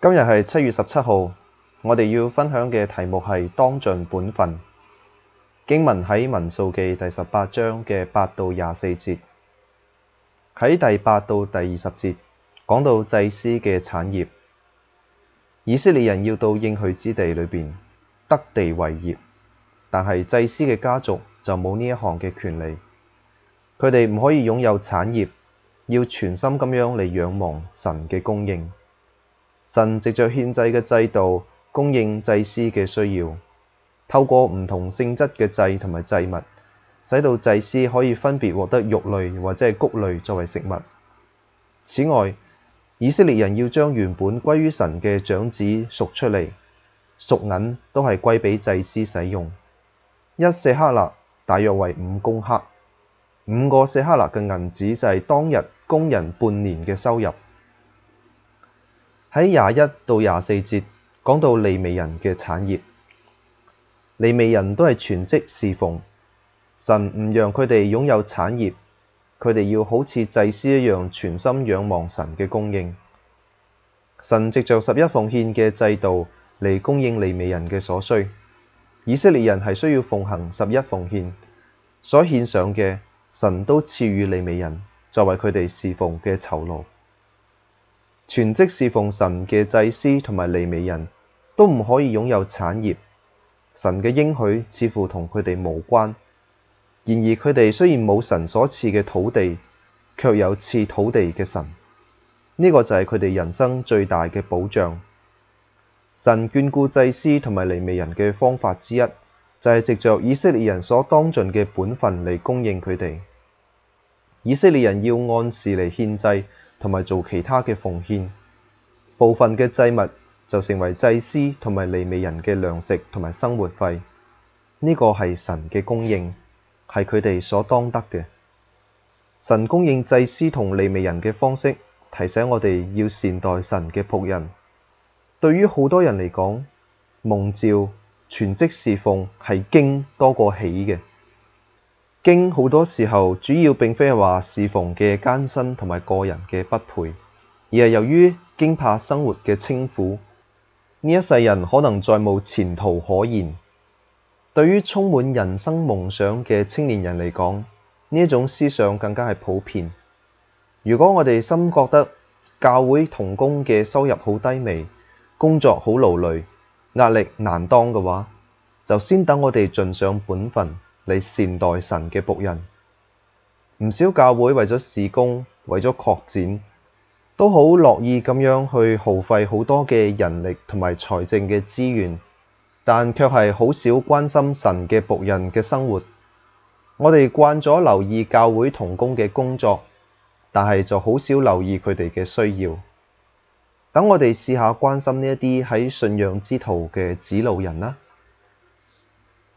今日係七月十七號，我哋要分享嘅題目係當盡本分。經文喺民數記第十八章嘅八到廿四節，喺第八到第二十節講到祭司嘅產業。以色列人要到應許之地裏邊得地為業，但係祭司嘅家族就冇呢一項嘅權利，佢哋唔可以擁有產業，要全心咁樣嚟，仰望神嘅供應。神藉着獻祭嘅制度，供應祭司嘅需要。透過唔同性質嘅祭同埋祭物，使到祭司可以分別獲得肉類或者係穀類作為食物。此外，以色列人要將原本歸於神嘅長子贖出嚟，贖銀都係歸畀祭司使用。一舍克勒大約為五公克，五個舍克勒嘅銀子就係當日工人半年嘅收入。喺廿一到廿四節講到利未人嘅產業，利未人都係全職侍奉，神唔讓佢哋擁有產業，佢哋要好似祭司一樣全心仰望神嘅供應。神藉着十一奉獻嘅制度嚟供應利未人嘅所需。以色列人係需要奉行十一奉獻，所獻上嘅神都賜予利未人作為佢哋侍奉嘅酬勞。全職侍奉神嘅祭司同埋利未人都唔可以擁有產業，神嘅應許似乎同佢哋無關。然而佢哋雖然冇神所賜嘅土地，卻有賜土地嘅神，呢、這個就係佢哋人生最大嘅保障。神眷顧祭司同埋利未人嘅方法之一，就係、是、藉着以色列人所當盡嘅本分嚟供應佢哋。以色列人要按時嚟獻祭。同埋做其他嘅奉獻，部分嘅祭物就成為祭司同埋利未人嘅糧食同埋生活費。呢、這個係神嘅供應，係佢哋所當得嘅。神供應祭司同利未人嘅方式，提醒我哋要善待神嘅僕人。對於好多人嚟講，蒙召全職侍奉係驚多過喜嘅。經好多時候，主要並非係話侍奉嘅艱辛同埋個人嘅不配，而係由於驚怕生活嘅清苦。呢一世人可能再冇前途可言。對於充滿人生夢想嘅青年人嚟講，呢一種思想更加係普遍。如果我哋深覺得教會同工嘅收入好低微，工作好勞累，壓力難當嘅話，就先等我哋盡上本分。你善待神嘅僕人。唔少教會為咗事工、為咗擴展，都好樂意咁樣去耗費好多嘅人力同埋財政嘅資源，但卻係好少關心神嘅僕人嘅生活。我哋慣咗留意教會同工嘅工作，但係就好少留意佢哋嘅需要。等我哋試下關心呢一啲喺信仰之途嘅指路人啦。